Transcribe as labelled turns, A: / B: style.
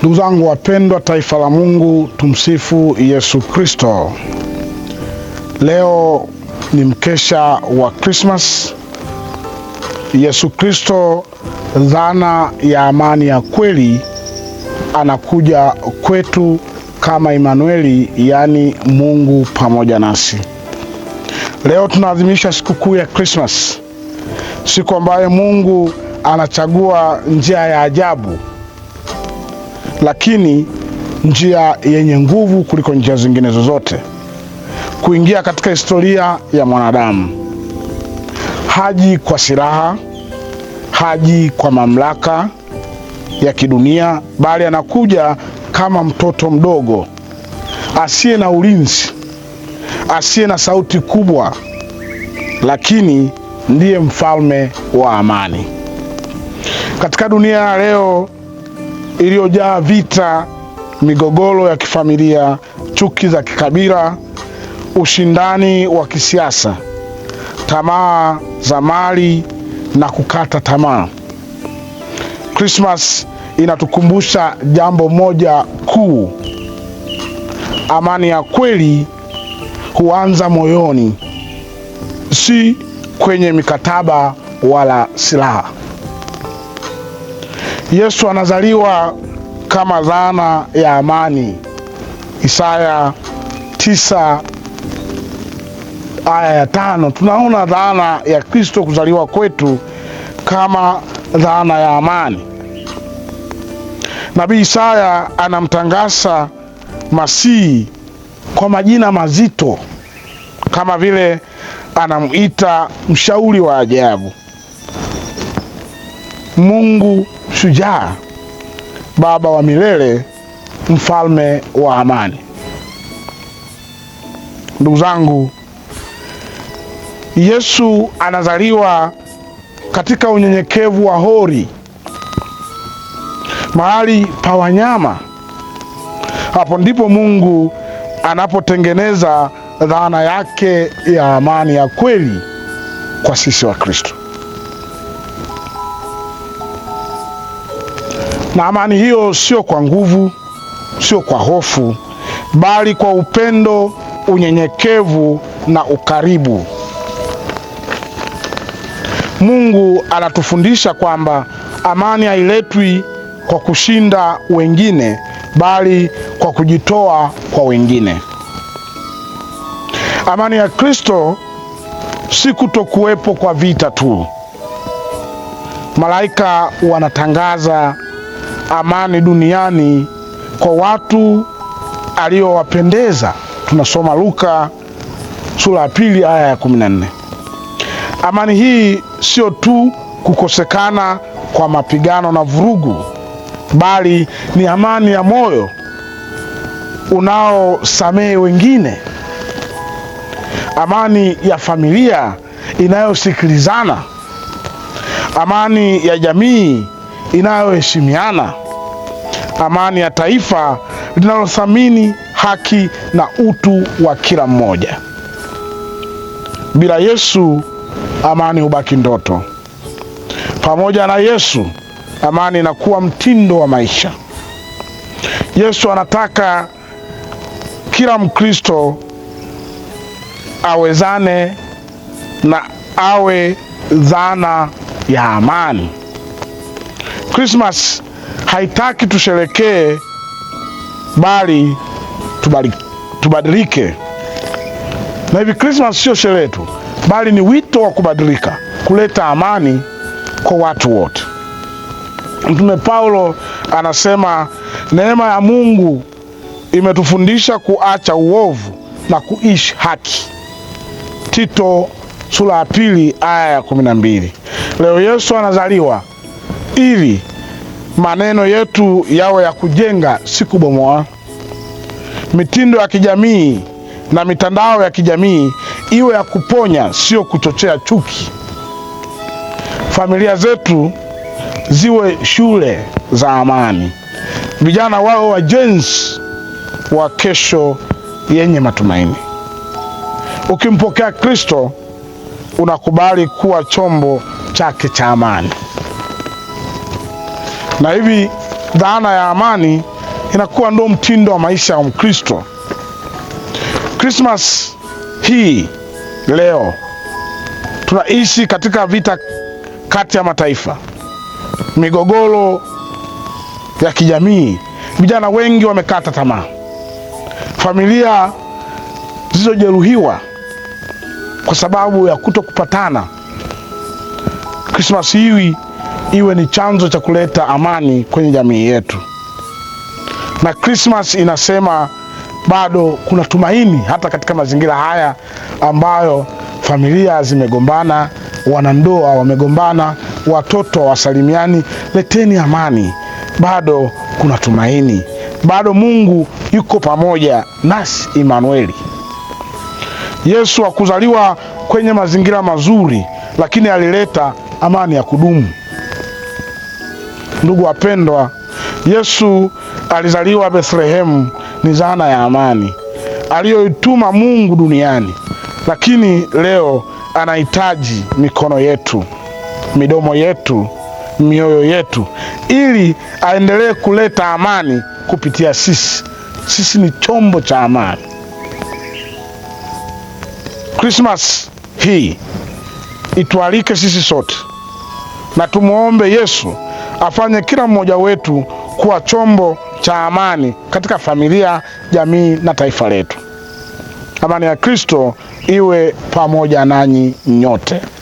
A: Ndugu zangu wapendwa, taifa la Mungu, tumsifu Yesu Kristo. Leo ni mkesha wa Krismas. Yesu Kristo, dhana ya amani ya kweli, anakuja kwetu kama Imanueli, yaani Mungu pamoja nasi. Leo tunaadhimisha sikukuu ya Krismas, siku ambayo Mungu anachagua njia ya ajabu lakini njia yenye nguvu kuliko njia zingine zozote kuingia katika historia ya mwanadamu. Haji kwa silaha, haji kwa mamlaka ya kidunia, bali anakuja kama mtoto mdogo asiye na ulinzi, asiye na sauti kubwa, lakini ndiye mfalme wa amani katika dunia ya leo iliyojaa vita, migogoro ya kifamilia, chuki za kikabila, ushindani wa kisiasa, tamaa za mali na kukata tamaa. Christmas inatukumbusha jambo moja kuu: amani ya kweli huanza moyoni, si kwenye mikataba wala silaha. Yesu anazaliwa kama dhana ya amani, Isaya tisa aya ya tano. Tunaona dhana ya Kristo kuzaliwa kwetu kama dhana ya amani. Nabii Isaya anamtangaza Masihi kwa majina mazito kama vile anamuita mshauri wa ajabu, Mungu shujaa, baba wa milele, mfalme wa amani. Ndugu zangu, Yesu anazaliwa katika unyenyekevu wa hori, mahali pa wanyama. Hapo ndipo Mungu anapotengeneza dhana yake ya amani ya kweli kwa sisi wa Kristo. Na amani hiyo sio kwa nguvu, sio kwa hofu, bali kwa upendo, unyenyekevu na ukaribu. Mungu anatufundisha kwamba amani hailetwi kwa kushinda wengine, bali kwa kujitoa kwa wengine. Amani ya Kristo si kutokuwepo kwa vita tu. Malaika wanatangaza amani duniani kwa watu aliyowapendeza. Tunasoma Luka sura ya pili aya ya 14. Amani hii sio tu kukosekana kwa mapigano na vurugu, bali ni amani ya moyo unaosamehe wengine, amani ya familia inayosikilizana, amani ya jamii inayoheshimiana, amani ya taifa linalothamini haki na utu wa kila mmoja. Bila Yesu amani hubaki ndoto. Pamoja na Yesu amani inakuwa mtindo wa maisha. Yesu anataka kila Mkristo awezane na awe dhana ya amani. Krismasi haitaki tusherekee, bali tubadilike. Na hivi Krismasi sio sherehe tu, bali ni wito wa kubadilika, kuleta amani kwa watu wote. Mtume Paulo anasema neema ya Mungu imetufundisha kuacha uovu na kuishi haki. Tito sura ya pili aya ya kumi na mbili. Leo Yesu anazaliwa ili maneno yetu yawe ya kujenga, si kubomoa. Mitindo ya kijamii na mitandao ya kijamii iwe ya kuponya, sio kuchochea chuki. Familia zetu ziwe shule za amani, vijana wao wajenzi wa kesho yenye matumaini. Ukimpokea Kristo, unakubali kuwa chombo chake cha amani na hivi dhana ya amani inakuwa ndo mtindo wa maisha ya Mkristo. Krismas hii leo tunaishi katika vita kati ya mataifa, migogoro ya kijamii, vijana wengi wamekata tamaa, familia zilizojeruhiwa kwa sababu ya kuto kupatana. Krismas hii iwe ni chanzo cha kuleta amani kwenye jamii yetu. Na krismas inasema bado kuna tumaini hata katika mazingira haya ambayo familia zimegombana, wanandoa wamegombana, watoto wasalimiani, Leteni amani, bado kuna tumaini, bado Mungu yuko pamoja nasi. Imanueli, Yesu hakuzaliwa kwenye mazingira mazuri, lakini alileta amani ya kudumu. Ndugu wapendwa, Yesu alizaliwa Bethlehemu ni zana ya amani aliyoituma Mungu duniani, lakini leo anahitaji mikono yetu, midomo yetu, mioyo yetu, ili aendelee kuleta amani kupitia sisi. Sisi ni chombo cha amani. Krismas hii itualike sisi sote na tumwombe Yesu afanye kila mmoja wetu kuwa chombo cha amani katika familia, jamii na taifa letu. Amani ya Kristo iwe pamoja nanyi nyote.